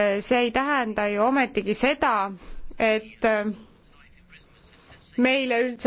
kuid eh, see ei tähenda ju ometigi seda, et eh, meile üldse